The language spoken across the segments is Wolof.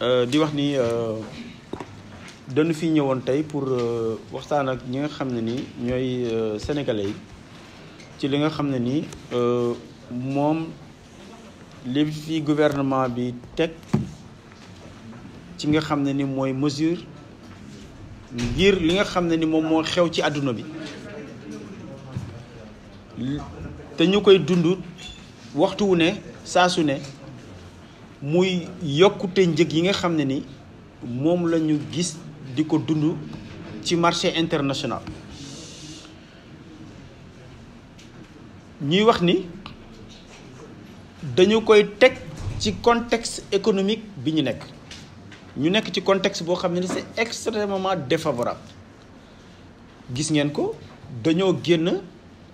Euh, di wax ni euh, dañu fi ñëwoon tey pour euh, waxtaan ak ñi nga xam ne nii ñooy sénégalais yi ci li nga xam ne ni moom li fi gouvernement bi teg ci nga xam ne ni mooy mesure ngir li nga xam ne ni moom moo xew ci àdduna bi te ñu koy dund waxtu wu ne saa su ne. muy yokkute njëg yi nga xam ne ni moom la ñu gis di ko dund ci marché international ñuy wax ni dañu koy teg ci contexte économique bi ñu nekk ñu nekk ci contexte boo xam ne ni c'est extrêmement défavorable gis ngeen ko dañoo génn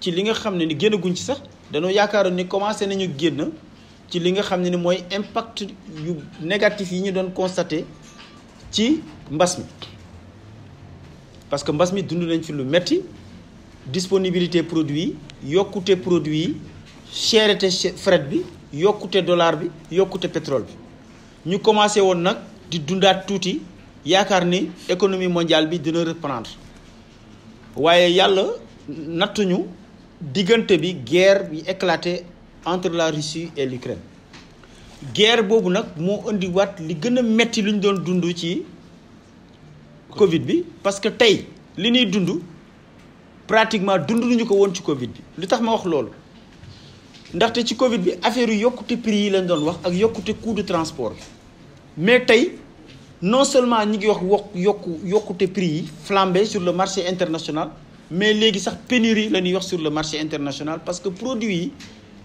ci li nga xam ne ni génn guñ ci sax dañoo yaakaaroon ni commencé nañu génn ci li nga xamné ni moy impact yu négatif yi ñu doon constaté ci mbas mi parce que mbas mi dund nañ fi lu metti disponibilité produit yokuté produit yi cherté fret bi yokuté dollar bi yokuté pétrole bi ñu commencé won nak di dundat touti yaakaar ni économie mondiale bi dina reprendre waaye yàlla nattuñu diggante bi guerre bi éclaté entre la Russie et l'Ukraine guerre nak mo andi wat li metti doon ci Covid bi parce que tay li pratiquement dundu ñu ko Covid bi ma wax Covid bi affaire yu prix yi coût de transport mais non seulement ñi prix flambé sur le marché international mais légui sax pénurie sur le marché international parce que produit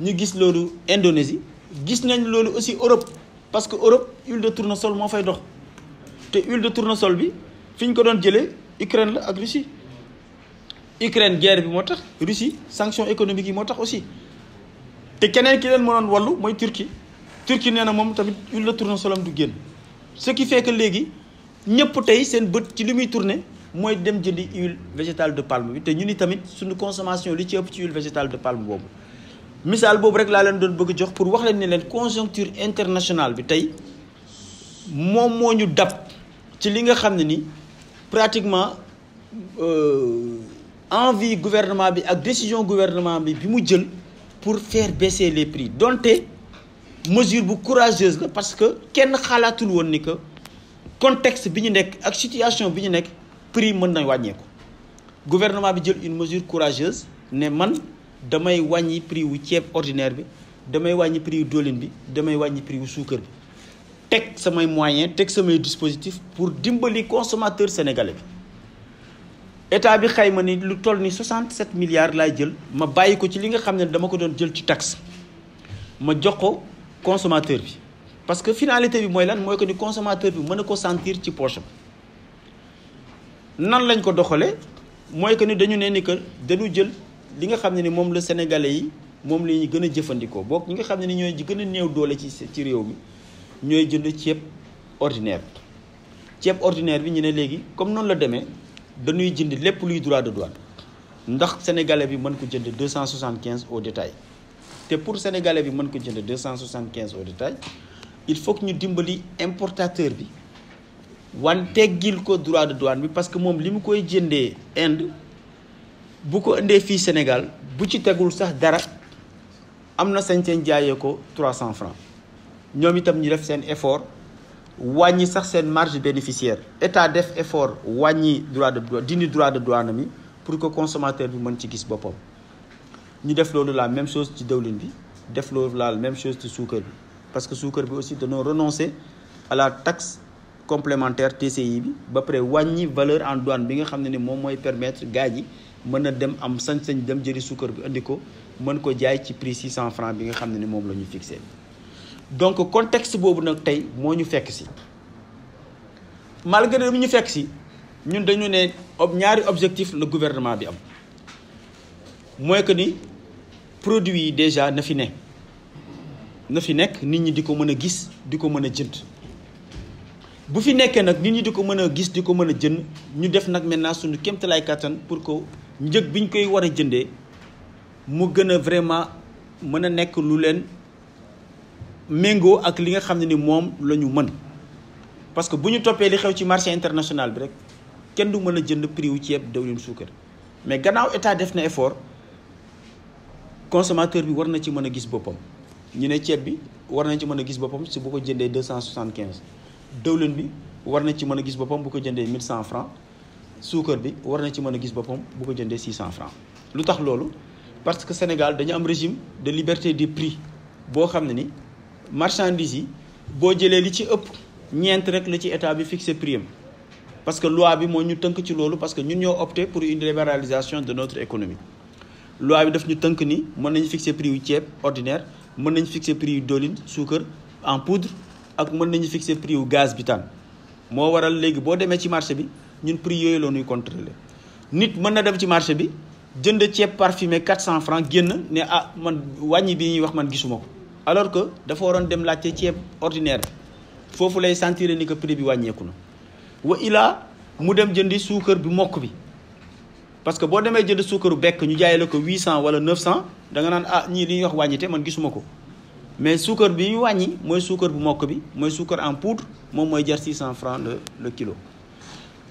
ñu gis loolu Indonésie gis nañ loolu aussi Europe parce que Europe huile de tournesol moo fay dox te huile de tournesol bi fi ñu ko doon jëlee Ukraine la ak Russie Ukraine guerre bi moo Russie sanctions économiques yi moo tax aussi te keneen ki leen mënoon wallu mooy Turquie Turquie nee na moom tamit huile de tournesol am du génn ce qui fait que léegi ñëpp tey seen bët ci li muy tourné mooy dem jëndi huile végétale de palme bi te ñu ni tamit suñu consommation li ci ëpp ci huile végétale de palme misaal boobu rek laa leen doon bëgg jox pour wax leen ne conjoncture internationale bi tey moom moo ñu dab ci li nga xam ne ni pratiquement euh, envie gouvernement bi ak décision gouvernement bi bi mu jël pour faire baisser les prix donte mesure bu courageuse parce que kenn xalaatul woon ni contexte bi ñu nekk ak situation bi ñu nekk prix mën na wàññeeku gouvernement bi jël une mesure courageuse ne man damay wàññi prix wu ceeb ordinaire bi damay wàññi prix wu doolin bi damay wàññi prix wu suukar bi teg samay moyen teg samay dispositif pour dimbali consommateur sénégalais bi état bi xayma ni lu toll ni 67 milliards laay jël ma bàyyi ko ci li nga xam ne dama ko doon jël ci taxe ma jox ko consommateur bi parce que finalité bi mooy lan mooy ko ni consommateur bi mën na ko sentir ci poche am nan lañ ko doxalee mooy que ni dañu ne ni que dañu jël li nga xam ne ni moom la sénégalais yi moom la ñu gën a jëfandikoo boog ñi nga xam ne ni ñooy gën a néew doole ci ci réew mi ñooy jënd ceeb ordinaire ceeb ordinaire bi ñu ne léegi comme noonu la demee dañuy jënd lépp luy droit de douane ndax sénégalais bi mën ko jënd 275 au détail te pour sénégalais bi mën ko jënd 275 au détail il faut ñu dimbali importateur bi wan teggil ko droit de douane bi parce que moom li mu koy jëndee Inde bu ko indee fii Sénégal bu ci tegul sax dara am na sañ jaayee ko 300 francs ñoom itam ñu def seen effort wàññi sax seen marge bénéficiaire état def effort wàññi droit de douane dindi droit de douane mi pour que consommateur bi mën ci gis boppam ñu def loolu la même chose ci dëwlin bi def loolu la même chose ci suukar bi parce que suukar bi aussi dañoo renoncer à la taxe complémentaire TCI bi ba pare wàññi valeur en douane bi nga xam ne ni moom mooy permettre gars yi mën na dem am sañ-sañ dem jëli suukar bi indi ko mën ko jaay ci prix 600 francs bi nga xam ne ni moom la ñu donc contexte boobu nag tey moo ñu fekk si malgré lu ñu fekk si ñun dañu ne ob ñaari objectif la gouvernement bi am mooy que ni produit yi déjà na fi ne na fi nekk nit ñi di ko mën a gis di ko mën a jënd bu fi nekkee nag nit ñi di ko mën a gis di ko mën a jënd ñu def nag maintenant suñu kéemtalaay kattan pour que njëg biñ koy war a jëndee mu gën a vraiment mën a nekk lu leen méngoo ak li nga xam ne ni moom la ñu mën parce que bu ñu toppee li xew ci marché international bi rek kenn du mën a jënd prix wu ceeb diwlin suukar mais gannaaw état def na effort consommateur bi war na ci mën a gis boppam ñu ne ceeb bi war na ci mën a gis boppam si bu ko jëndee 275 cent bi war na ci mën a gis boppam bu ko jëndee 1100 francs suukar bi war na ci mën a gis boppam bu ko jëndee 600 francs lu tax loolu parce que Sénégal dañu am régime de liberté des prix boo xam ne ni marchandise yi boo jëlee li ci ëpp ñeent rek la ci état bi fixé prix am parce que loi bi moo ñu tënk ci loolu parce que ñun ñoo opté pour une libéralisation de notre économie loi bi daf ñu tënk ni mën nañu fixer prix yu ceeb ordinaire mën nañu fixer prix yu diwlin suukar en poudre ak mën nañu fixer prix yu gaz butane moo waral léegi boo demee ci marché bi ñun prix yooyu contre ñuy contrôler nit mën na ci marché parfumé 400 francs ne a ah, man wàññi bi ñuy wax man alors que dafa waroon dem laajte ordinaire il foofu sentir ni que prix bi wàññeeku na wa ila mu jëndi bi bi parce que boo demee jënd suukaru bekk ñu 800 wala 900 da nga naan ah ñii li ñuy wax man gisuma mais suukar bi ñu bu bi en poudre 600 francs le kilo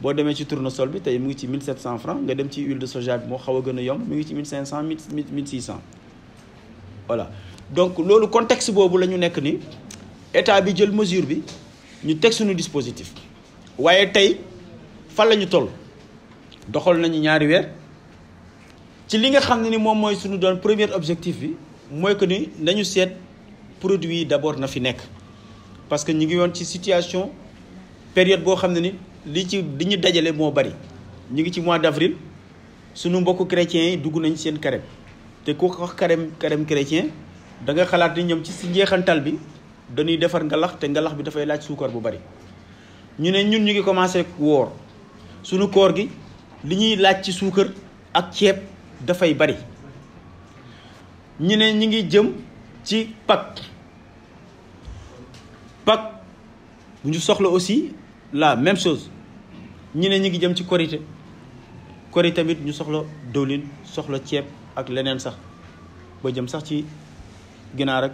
boo demee ci tournesol bi tey mu ngi ci 1700 francs nga dem ci huile de soja bi moo xaw a gën a yomb mu ngi ci 1500 1600 voilà donc loolu contexte boobu la ñu nekk ni état bi jël mesure bi ñu teg suñu dispositif waaye tey fan la ñu toll doxal nañu ñaari weer ci li nga xam ne ni moom mooy suñu doon premier objectif bi mooy que ni nañu seet produit d'abord na fi nekk parce que ñu ngi yoon ci situation période boo xam ne ni li ci li ñu dajale moo bari ñu ngi ci mois d' avril sunu mbokku chrétiens yi dugg nañ seen carême te ku wax carême carême chrétien da nga xalaat ni ñoom ci si njeexantal bi dañuy defar ngalax te ngalax bi dafay laaj suukar bu bari ñu ne ñun ñu ngi commencé woor sunu koor gi li ñuy laaj ci suukar ak ceeb dafay bari ñu ne ñu ngi jëm ci pak pak bu ñu soxla aussi la même chose ñi ne ngi jëm ci korité korité tamit ñu soxla dëwlin soxla ceeb ak sax ba jëm sax ci ak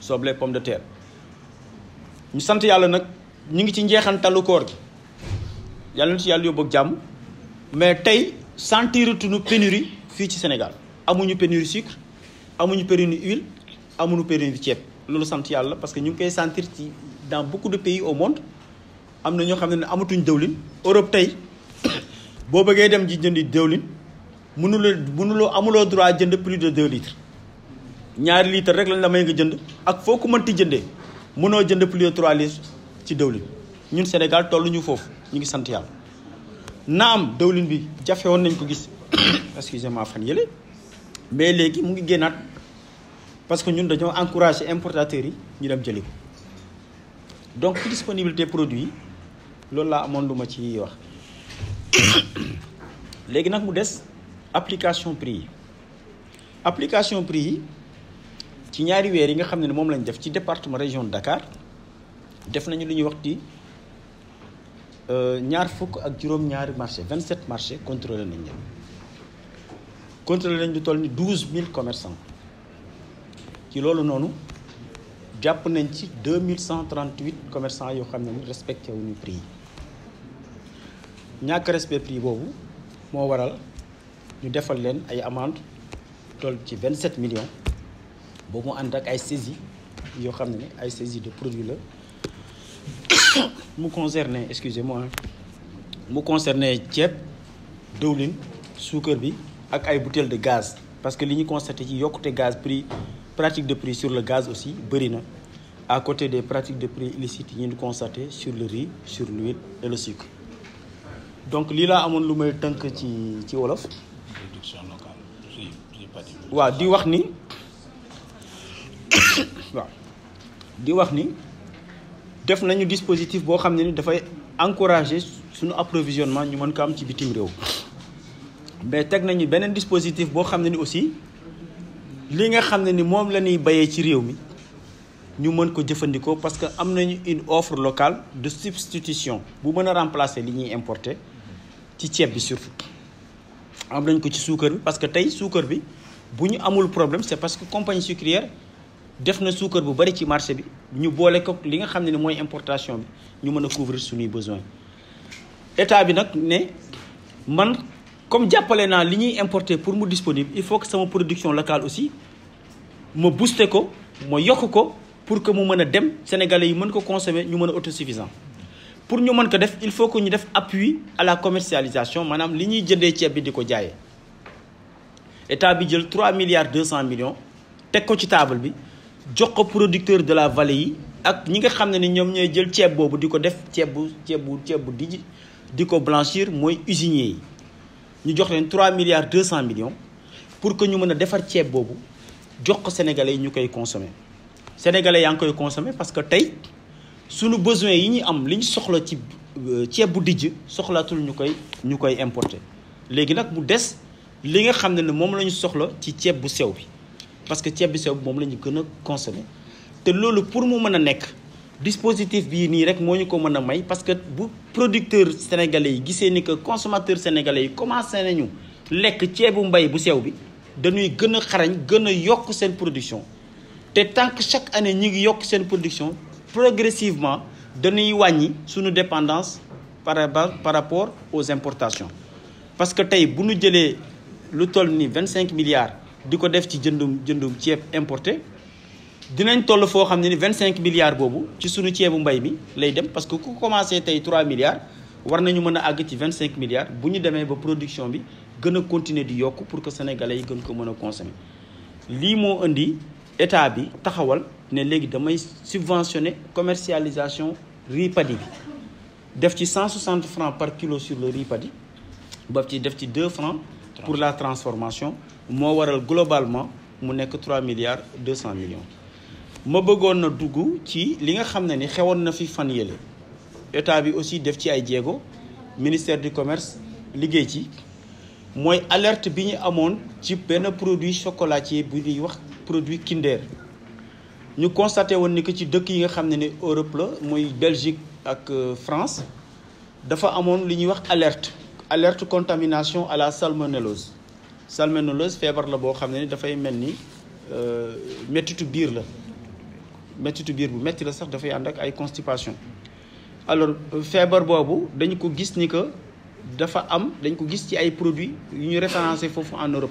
soble pomme de terre ñu sant yàlla nag ñu ngi ci koor gi yàlla na ci yàlla yóbbu ak jàmm mais tey une pénurie fii ci Sénégal amuñu pénurie sucre amuñu pénurie huile amuñu pénurie ceeb Nous sant yàlla parce que ñu ngi sentir dans beaucoup de pays au monde am na ñoo Europe tey boo bëggee dem ji jëndi droit jënd plus de 2 litres litre rek la may nga jënd ak mënti plus de 3 litres ci dëwlin ñun Sénégal tolluñu foofu ñu ngi sant yàlla bi nañ excusez-moi fan mais léegi mu ngi génnaat parce que ñun encouragé yi ñu donc disponibilité produit loolu laa amoon lu ma ci wax léegi nag mu application prix application prix ci ñaari weer yi nga xam ne lañ def ci département région de Dakar def nañu lu ñuy wax ci euh, ñaar fukk ak juróom-ñaari marché 27 marchés contrôlé nañ leen contrôlé nañ lu toll ni 12000 commerçants ci loolu noonu jàpp nañ ci 2138 commerçants yoo xam ne respecté wuñu prix ñàkk respect prix boobu moo waral ñu defal leen ay amende de 27 millions ba mu ànd ak ay saisies yoo xam ne ay saisies de produits la mu concerné excusez-moi mu concerné ceeb dëwlin sucre bi ak ay bouteilles de gaz parce que li avons constaté ci yokkute gaz prix pratique de prix sur le gaz aussi bëri à côté des pratiques de prix illicites nous ñu constaté sur le riz sur l'huile et le sucre donc lila laa amoon lu may teunk ci ci wolof. production locale waaw di wax ni wa di wax ni def nañu dispositif bo xam ne ni dafay encourager suñu approvisionnement ñu mën ko am ci bitim réew. mais teg nañu benen dispositif bo xam ni aussi li nga xam ni mom lañuy ñuy ci réew mi ñu mën ko jëfandikoo parce que am nañu une offre locale de substitution bu mën a remplacer li ñuy importer ci ceeb bi surtout am nañ ko ci suukar bi parce que tey suukar bi bu ñu amul problème c'est parce que compagnie sucrière def na suukar bu bari ci marché bi ñu boole ko li nga xam ne mooy importation bi ñu mën a couvrir suñuy besoin état bi nag ne man comme jàppale naa li ñuy importer pour mu disponible il faut que sama production locale aussi ma booster ko ma yokk ko pour que mu mën a dem sénégalais yi mën ko consommer ñu mën a autosuffisant pour ñu mën ko def il faut que ñu def appui à la commercialisation maanaam li ñuy jëndee ceeb bi di ko jaayee état bi jël 3 milliards 200 millions teg ko ci table bi jox ko producteur de la vallée yi ak ñi nga xam ne ni ñoom ñooy jël ceeb boobu di ko def ceeb bu ceeb bu ceeb bu di di ko blanchir mooy usinier yi ñu jox leen 3 milliards 200 millions pour que ñu mën a defar ceeb boobu jox ko sénégalais yi ñu koy consommer sénégalais yaa ngi koy consommer parce que tey suñu besoin yi ñu am li ñu soxla ci euh, ceeb bu dijj soxlaatul ñu koy ñu koy importer léegi nag mu des li nga xam ne ne moom la ñu soxla ci ceeb bu sew bi parce que ceeb bu sew bi moom la ñu gën a consommer te loolu pour mu mën a nekk dispositif bi nii rek moo ñu ko mën a may parce que bu producteur sénégalais yi gisee ni que consommateur sénégalais yi commencé nañu lekk ceebu mbay bu sew bi dañuy gën a xarañ gën a yokk seen production te tant que chaque année ñi ngi yokk seen production progressivement nous wàññi suñu dépendance par par rapport aux importations parce que tu nous avons milliards de def ci milliards de parce que commencé milliards war nañu 25 milliards Si nous production bi continuer pour que sénégalais consommer ne légui damay subventionner commercialisation riz paddy bi def ci 160 francs par kilo sur le riz paddy ba ci def ci 2 francs pour la transformation mo waral globalement mu nek 3 milliards 200 millions ma bëggoon na dugg ci li nga xam ni xewoon na fi fan yële état bi aussi def ci ay jéego ministère du commerce liggéey ci mooy alerte bi ñu amoon ci benn produit chocolatier bu ñuy wax produit Kinder nous constatons que ci yi Europe la Belgique Belgique ak euh, France dafa wax alerte alerte contamination à la salmonellose salmonellose la boo xam euh, la la constipation alors euh, feebar boobu dañ ko gis ni dafa am dañ gis produits référencé en Europe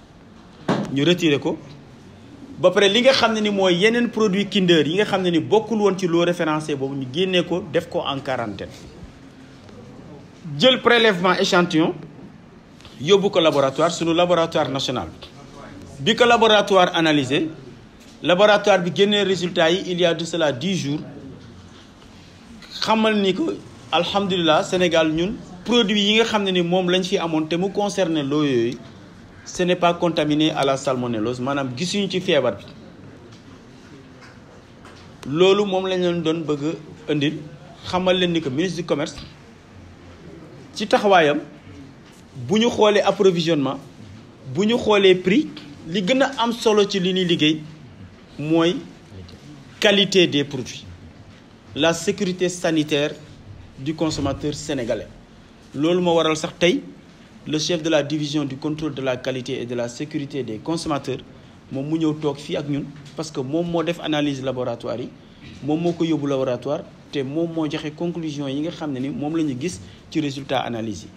ñu retiré ko ba paré li nga xamné ni moy yenen produit Kinder yi nga xamné ni bokul won ci lo référencé bobu ñu génnee ko def ko en quarantaine jël prélèvement échantillon yóbbu ko laboratoire sunu laboratoire national bi ko laboratoire analysé laboratoire bi génnee résultat yi il y a de cela dix jours xamal ni ko alhamdoulillah Sénégal ñun produit yi nga xamné ni mom lañ fi amone té mu concerner lo yoy ce n'est pas contaminé à la salmonellose Manam gisuñu ci fièvre bi Lolu mom lañ leen doon bëgg andil xamal leen ni que ministre du commerce ci taxawayam buñu xolé approvisionnement buñu xolé prix li gëna am solo ci li ñuy liggéey qualité des produits la sécurité sanitaire du consommateur sénégalais lolu mo waral sax tay le chef de la division du contrôle de la qualité et de la sécurité des consommateurs mon mu venu fi ak parce que mon modèle def analyse laboratoire mon moko yobu laboratoire te mon moo conclusion yi nga xamné ni mom lañu gis ci résultat analyse